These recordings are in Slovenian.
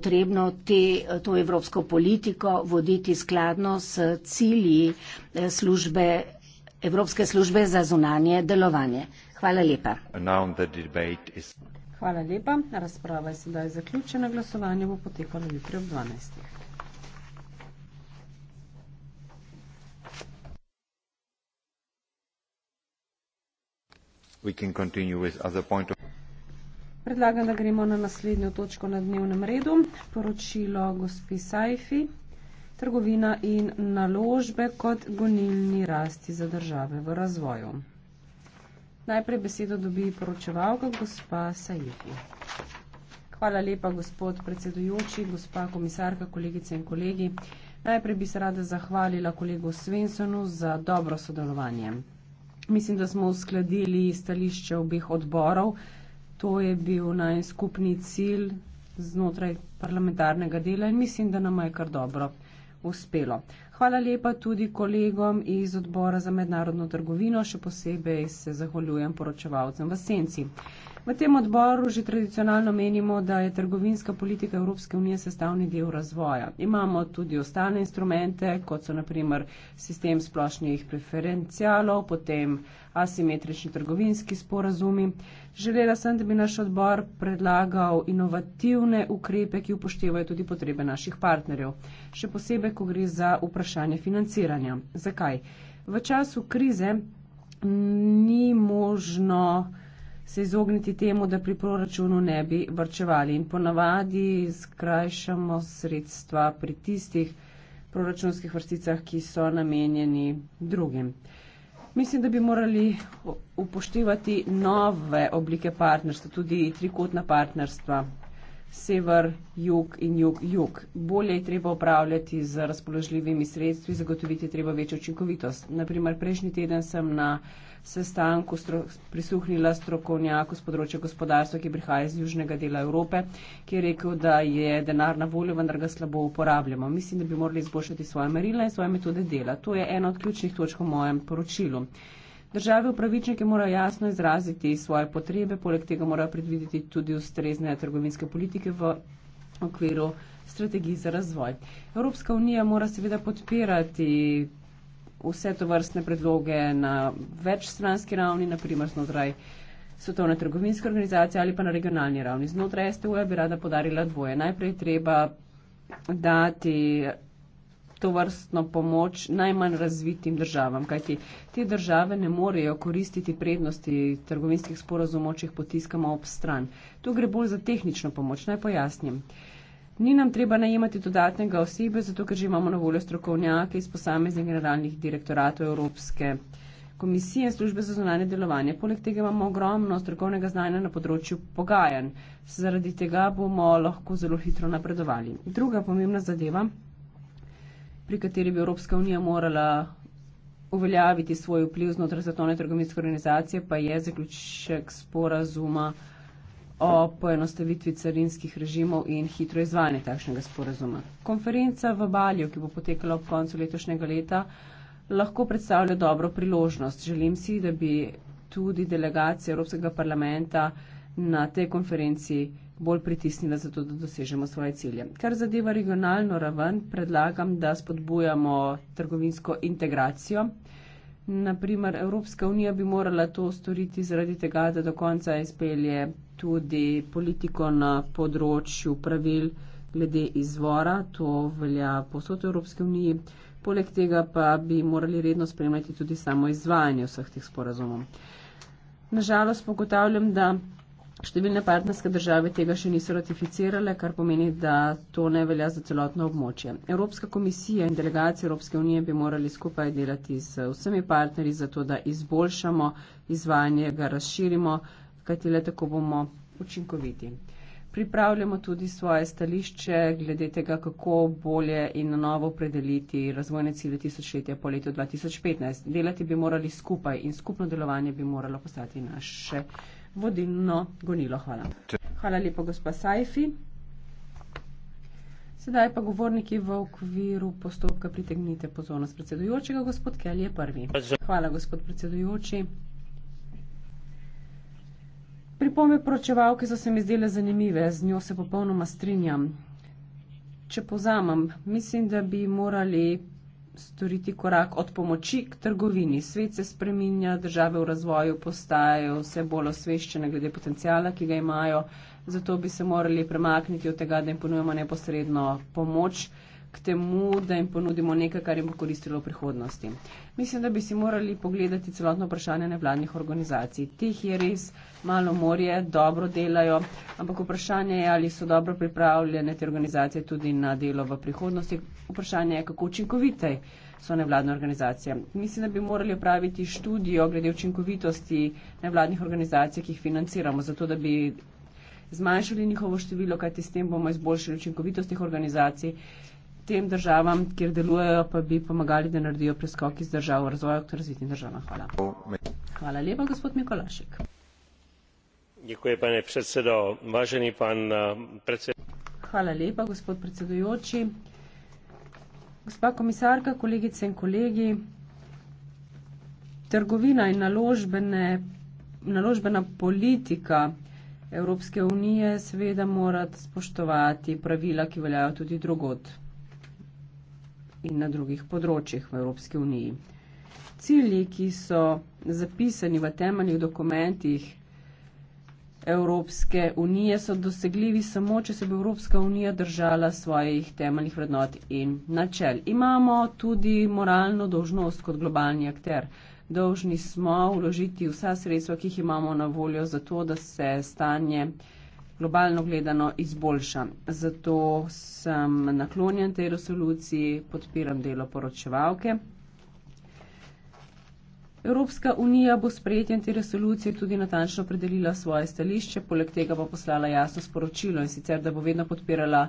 potrebno te, to evropsko politiko voditi skladno s cilji eh, službe, Evropske službe za zunanje delovanje. Hvala lepa. Hvala lepa. Razprava je sedaj zaključena. Glasovanje bo potekalo jutri ob 12. We can continue with other point of Predlagam, da gremo na naslednjo točko na dnevnem redu. Poročilo gospi Saifi. Trgovina in naložbe kot gonilni rasti za države v razvoju. Najprej besedo dobi poročevalka gospa Saifi. Hvala lepa, gospod predsedujoči, gospa komisarka, kolegice in kolegi. Najprej bi se rada zahvalila kolegu Svensonu za dobro sodelovanje. Mislim, da smo uskladili stališče obeh odborov, To je bil naj skupni cilj znotraj parlamentarnega dela in mislim, da nam je kar dobro uspelo. Hvala lepa tudi kolegom iz odbora za mednarodno trgovino, še posebej se zahvaljujem poročevalcem v Senci. V tem odboru že tradicionalno menimo, da je trgovinska politika Evropske unije sestavni del razvoja. Imamo tudi ostale instrumente, kot so naprimer sistem splošnih preferencialov, potem asimetrični trgovinski sporazumi. Želela sem, da bi naš odbor predlagal inovativne ukrepe, ki upoštevajo tudi potrebe naših partnerjev. Še posebej, ko gre za vprašanje, vprašanje financiranja. Zakaj? V času krize ni možno se izogniti temu, da pri proračunu ne bi vrčevali in ponavadi skrajšamo sredstva pri tistih proračunskih vrsticah, ki so namenjeni drugim. Mislim, da bi morali upoštevati nove oblike partnerstva, tudi trikotna partnerstva, sever, jug in jug, jug. Bolje je treba upravljati z razpoložljivimi sredstvi, zagotoviti je treba večjo učinkovitost. Naprimer, prejšnji teden sem na sestanku stro, prisuhnila strokovnjaku z področja gospodarstva, ki prihaja iz južnega dela Evrope, ki je rekel, da je denar na voljo, vendar ga slabo uporabljamo. Mislim, da bi morali izboljšati svoje merila in svoje metode dela. To je ena od ključnih točk v mojem poročilu. Države upravičnike morajo jasno izraziti svoje potrebe, poleg tega morajo predvideti tudi ustrezne trgovinske politike v okviru strategij za razvoj. Evropska unija mora seveda podpirati vse to vrstne predloge na večstranski ravni, naprimer znotraj Svetovne trgovinske organizacije ali pa na regionalni ravni. Znotraj STU-ja bi rada podarila dvoje. Najprej treba dati to vrstno pomoč najmanj razvitim državam, kajti te države ne morejo koristiti prednosti trgovinskih sporazumov, če jih potiskamo ob stran. Tu gre bolj za tehnično pomoč, naj pojasnim. Ni nam treba najemati dodatnega osebe, zato ker že imamo na voljo strokovnjake iz posameznih generalnih direktoratov Evropske komisije in službe za zunanje delovanje. Poleg tega imamo ogromno strokovnega znanja na področju pogajanj. Zaradi tega bomo lahko zelo hitro napredovali. Druga pomembna zadeva pri kateri bi Evropska unija morala uveljaviti svoj vpliv znotraj svetovne trgovinske organizacije, pa je zaključek sporazuma o poenostavitvi carinskih režimov in hitro izvajanje takšnega sporazuma. Konferenca v Balju, ki bo potekala ob koncu letošnjega leta, lahko predstavlja dobro priložnost. Želim si, da bi tudi delegacije Evropskega parlamenta na tej konferenci bolj pritisnila za to, da dosežemo svoje cilje. Kar zadeva regionalno raven, predlagam, da spodbujamo trgovinsko integracijo. Naprimer, Evropska unija bi morala to storiti zaradi tega, da do konca izpelje tudi politiko na področju pravil glede izvora. To velja posod Evropske unije. Poleg tega pa bi morali redno spremljati tudi samo izvajanje vseh teh sporazumov. Nažalost, pogotavljam, da Številne partnerske države tega še niso ratificirale, kar pomeni, da to ne velja za celotno območje. Evropska komisija in delegacije Evropske unije bi morali skupaj delati z vsemi partnerji, zato da izboljšamo izvajanje, ga razširimo, kajti le tako bomo učinkoviti. Pripravljamo tudi svoje stališče glede tega, kako bolje in na novo predeliti razvojne cilje tisočletja po letu 2015. Delati bi morali skupaj in skupno delovanje bi moralo postati naše vodilno gonilo. Hvala. Hvala lepo, gospa Sajfi. Sedaj pa govorniki v okviru postopka pritegnite pozornost predsedujočega. Gospod Kelly je prvi. Hvala, gospod predsedujoči. Pripombe poročevalke so se mi zdele zanimive, z njo se popolnoma strinjam. Če povzamem, mislim, da bi morali storiti korak od pomoči k trgovini. Svet se spreminja, države v razvoju postajajo vse bolj osveščene glede potencijala, ki ga imajo, zato bi se morali premakniti od tega, da jim ponujemo neposredno pomoč k temu, da jim ponudimo nekaj, kar jim bo koristilo v prihodnosti. Mislim, da bi si morali pogledati celotno vprašanje nevladnih organizacij. Tih je res malo morje, dobro delajo, ampak vprašanje je, ali so dobro pripravljene te organizacije tudi na delo v prihodnosti. Vprašanje je, kako učinkovite so nevladne organizacije. Mislim, da bi morali opraviti študijo glede učinkovitosti nevladnih organizacij, ki jih financiramo, zato da bi zmanjšali njihovo število, kajti s tem bomo izboljšali učinkovitost teh organizacij tem državam, kjer delujejo, pa bi pomagali, da naredijo preskok iz držav v razvoju k razvitim državam. Hvala. Hvala lepa, gospod Mikolašik. Děkuji, pane predsedo. Vážený pan eh, predsed... Hvala lepa, gospod predsedujoči. Gospa komisarka, kolegice in kolegi, trgovina in naložbene, naložbena politika Evropske unije seveda mora spoštovati pravila, ki veljajo tudi drugod in na drugih področjih v Evropski uniji. Cilji, ki so zapisani v temeljnih dokumentih Evropske unije, so dosegljivi samo, če se bo Evropska unija držala svojih temeljnih vrednot in načel. Imamo tudi moralno dolžnost kot globalni akter. Dolžni smo uložiti vsa sredstva, ki jih imamo na voljo, zato da se stanje globalno gledano izboljša. Zato sem naklonjen tej resoluciji, podpiram delo poročevalke. Evropska unija bo sprejetjem te resolucije tudi natančno predelila svoje stališče, poleg tega pa poslala jasno sporočilo in sicer, da bo vedno podpirala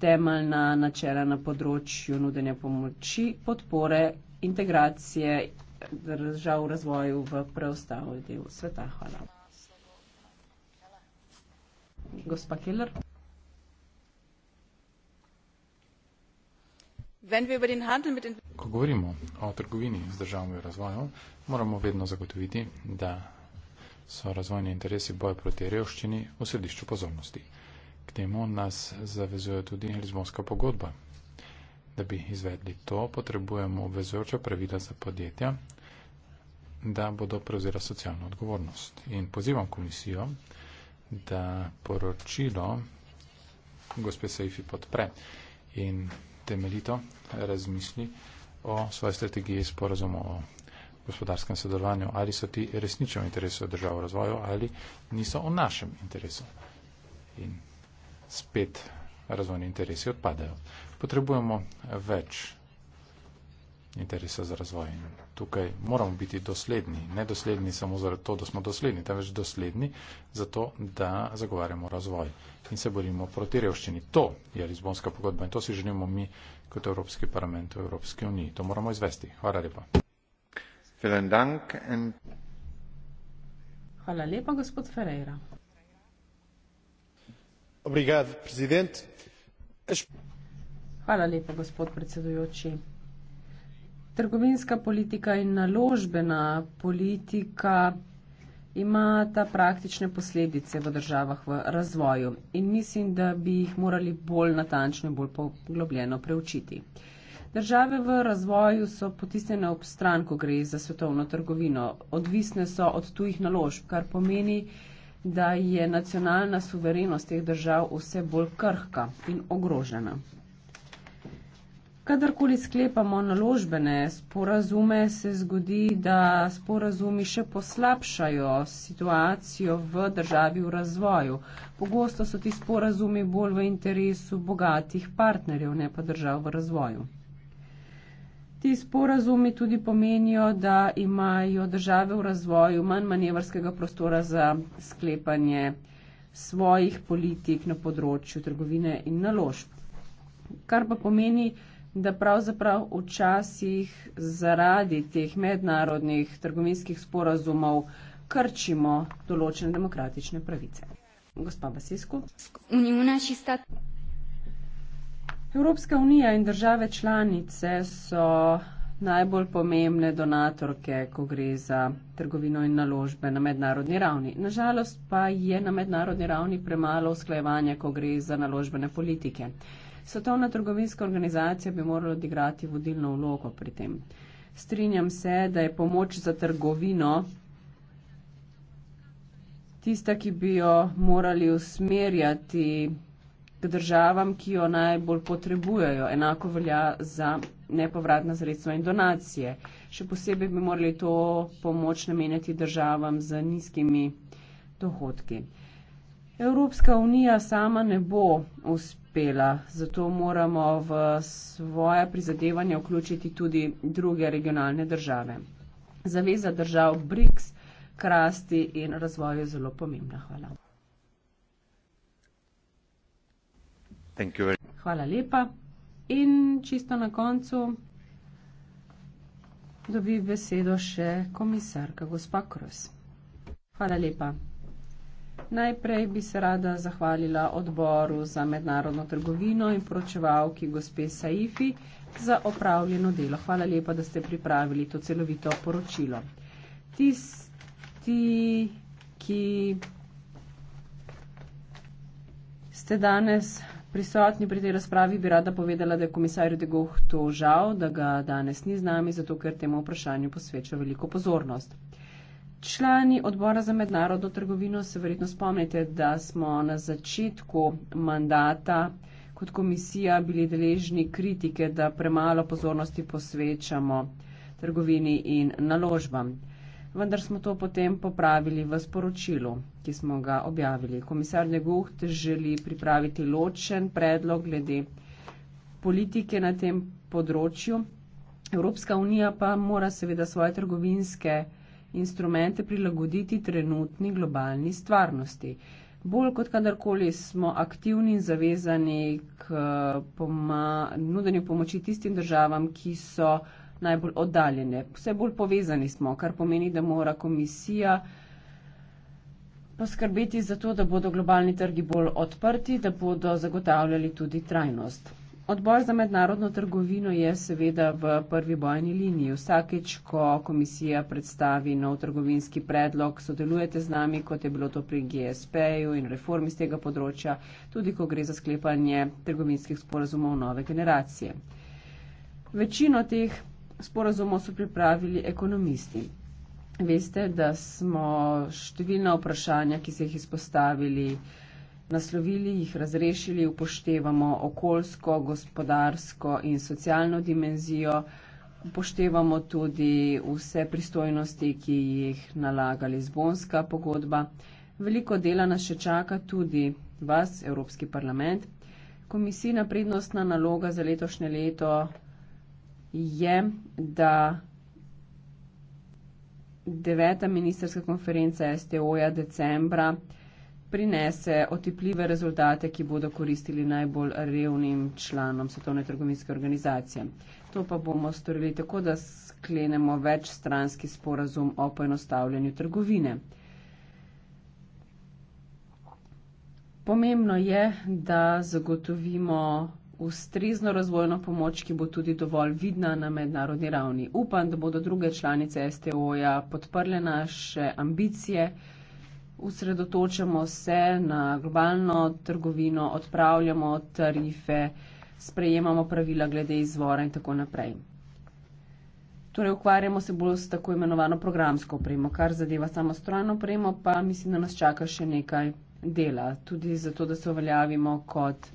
temeljna načela na področju nudenja pomoči, podpore, integracije držav v razvoju v preostalih delih sveta. Hvala. Gospa Keller. Ko govorimo o trgovini z državami v razvoju, moramo vedno zagotoviti, da so razvojni interesi boj proti revščini v središču pozornosti. K temu nas zavezuje tudi Lizbonska pogodba. Da bi izvedli to, potrebujemo obvezujoča pravila za podjetja, da bodo prevzela socialno odgovornost. In pozivam komisijo, da poročilo gospe Seifi podpre in temeljito razmisli o svoji strategiji sporazumov o gospodarskem sodelovanju, ali so ti resnično v interesu držav v razvoju ali niso v našem interesu. In spet razvojni interesi odpadajo. Potrebujemo več interesa za razvoj. In tukaj moramo biti dosledni, ne dosledni samo zato, da smo dosledni, temveč dosledni zato, da zagovarjamo razvoj in se borimo proti revščini. To je Lizbonska pogodba in to si želimo mi kot Evropski parlament v Evropski uniji. To moramo izvesti. Hvala lepa. Hvala lepa, gospod Ferreira. Obrigado, Hvala lepa, gospod predsedujoči trgovinska politika in naložbena politika ima ta praktične posledice v državah v razvoju in mislim, da bi jih morali bolj natančno in bolj poglobljeno preučiti. Države v razvoju so potisnjene ob stran, ko gre za svetovno trgovino. Odvisne so od tujih naložb, kar pomeni, da je nacionalna suverenost teh držav vse bolj krhka in ogrožena. Kadarkoli sklepamo naložbene sporazume, se zgodi, da sporazumi še poslabšajo situacijo v državi v razvoju. Pogosto so ti sporazumi bolj v interesu bogatih partnerjev, ne pa držav v razvoju. Ti sporazumi tudi pomenijo, da imajo države v razvoju manj manevrskega prostora za sklepanje svojih politik na področju trgovine in naložb. Kar pa pomeni, da pravzaprav včasih zaradi teh mednarodnih trgovinskih sporazumov krčimo določene demokratične pravice. Gospa Basisku. Evropska unija in države članice so najbolj pomembne donatorke, ko gre za trgovino in naložbe na mednarodni ravni. Nažalost pa je na mednarodni ravni premalo usklajevanja, ko gre za naložbene politike. Svetovna trgovinska organizacija bi morala odigrati vodilno vlogo pri tem. Strinjam se, da je pomoč za trgovino tista, ki bi jo morali usmerjati k državam, ki jo najbolj potrebujejo. Enako velja za nepovratna sredstva in donacije. Še posebej bi morali to pomoč namenjati državam z nizkimi dohodki. Evropska unija sama ne bo uspela uspela. Zato moramo v svoje prizadevanje vključiti tudi druge regionalne države. Zaveza držav BRICS k rasti in razvoju je zelo pomembna. Hvala. Hvala lepa. In čisto na koncu dobi besedo še komisarka gospa Kros. Hvala lepa. Najprej bi se rada zahvalila odboru za mednarodno trgovino in poročevalki gospe Saifi za opravljeno delo. Hvala lepa, da ste pripravili to celovito poročilo. Tisti, ki ste danes prisotni pri tej razpravi, bi rada povedala, da je komisar Degoh to žal, da ga danes ni z nami, zato ker temu vprašanju posveča veliko pozornost. Člani odbora za mednarodno trgovino se verjetno spomnite, da smo na začetku mandata kot komisija bili deležni kritike, da premalo pozornosti posvečamo trgovini in naložbam. Vendar smo to potem popravili v sporočilu, ki smo ga objavili. Komisar Neguht želi pripraviti ločen predlog glede politike na tem področju. Evropska unija pa mora seveda svoje trgovinske instrumente prilagoditi trenutni globalni stvarnosti. Bolj kot kadarkoli smo aktivni in zavezani k poma nudenju pomoči tistim državam, ki so najbolj oddaljene. Vse bolj povezani smo, kar pomeni, da mora komisija poskrbeti za to, da bodo globalni trgi bolj odprti, da bodo zagotavljali tudi trajnost. Odbor za mednarodno trgovino je seveda v prvi bojni liniji. Vsakeč, ko komisija predstavi nov trgovinski predlog, sodelujete z nami, kot je bilo to pri GSP-ju in reformi z tega področja, tudi ko gre za sklepanje trgovinskih sporazumov nove generacije. Večino teh sporazumov so pripravili ekonomisti. Veste, da smo številna vprašanja, ki se jih izpostavili, naslovili, jih razrešili, upoštevamo okoljsko, gospodarsko in socialno dimenzijo, upoštevamo tudi vse pristojnosti, ki jih nalaga Lizbonska pogodba. Veliko dela nas še čaka tudi vas, Evropski parlament. Komisijna prednostna naloga za letošnje leto je, da deveta ministerska konferenca STO-ja decembra prinese otipljive rezultate, ki bodo koristili najbolj revnim članom Svetovne trgovinske organizacije. To pa bomo storili tako, da sklenemo večstranski sporazum o poenostavljanju trgovine. Pomembno je, da zagotovimo ustrezno razvojno pomoč, ki bo tudi dovolj vidna na mednarodni ravni. Upam, da bodo druge članice STO-ja podprle naše ambicije osredotočamo se na globalno trgovino, odpravljamo tarife, sprejemamo pravila glede izvora in tako naprej. Torej, ukvarjamo se bolj s tako imenovano programsko opremo, kar zadeva samo strojno opremo, pa mislim, da nas čaka še nekaj dela, tudi zato, da se uveljavimo kot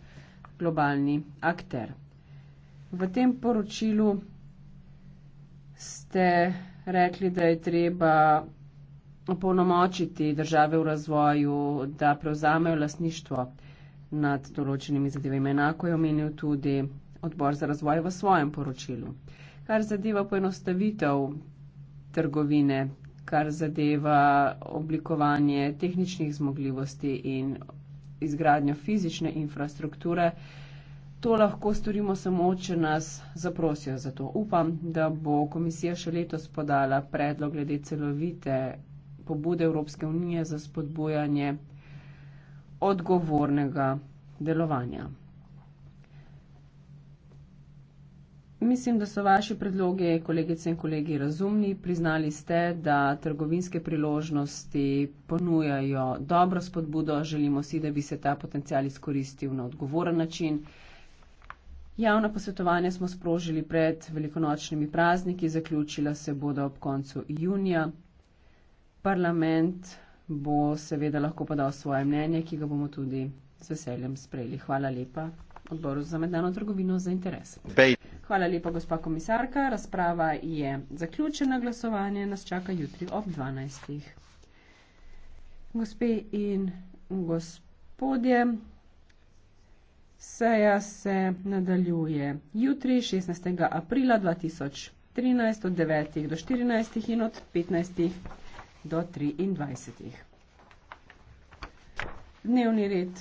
globalni akter. V tem poročilu ste rekli, da je treba opolnomočiti države v razvoju, da prevzamejo lasništvo nad določenimi zadevami. Enako je omenil tudi odbor za razvoj v svojem poročilu. Kar zadeva poenostavitev trgovine, kar zadeva oblikovanje tehničnih zmogljivosti in izgradnjo fizične infrastrukture, to lahko storimo samo, če nas zaprosijo za to. Upam, da bo komisija še letos podala predlog glede celovite pobude Evropske unije za spodbujanje odgovornega delovanja. Mislim, da so vaše predloge, kolegice in kolegi, razumni. Priznali ste, da trgovinske priložnosti ponujajo dobro spodbudo. Želimo si, da bi se ta potencial izkoristil na odgovoren način. Javna posvetovanja smo sprožili pred velikonočnimi prazniki, zaključila se bodo ob koncu junija. Parlament bo seveda lahko podal svoje mnenje, ki ga bomo tudi z veseljem sprejeli. Hvala lepa odboru za mednano trgovino za interes. Hvala lepa, gospa komisarka. Razprava je zaključena. Glasovanje nas čaka jutri ob 12. Gospe in gospodje, seja se nadaljuje jutri 16. aprila 2013 od 9. do 14. in od 15 do 23. Dnevni red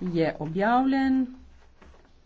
je objavljen.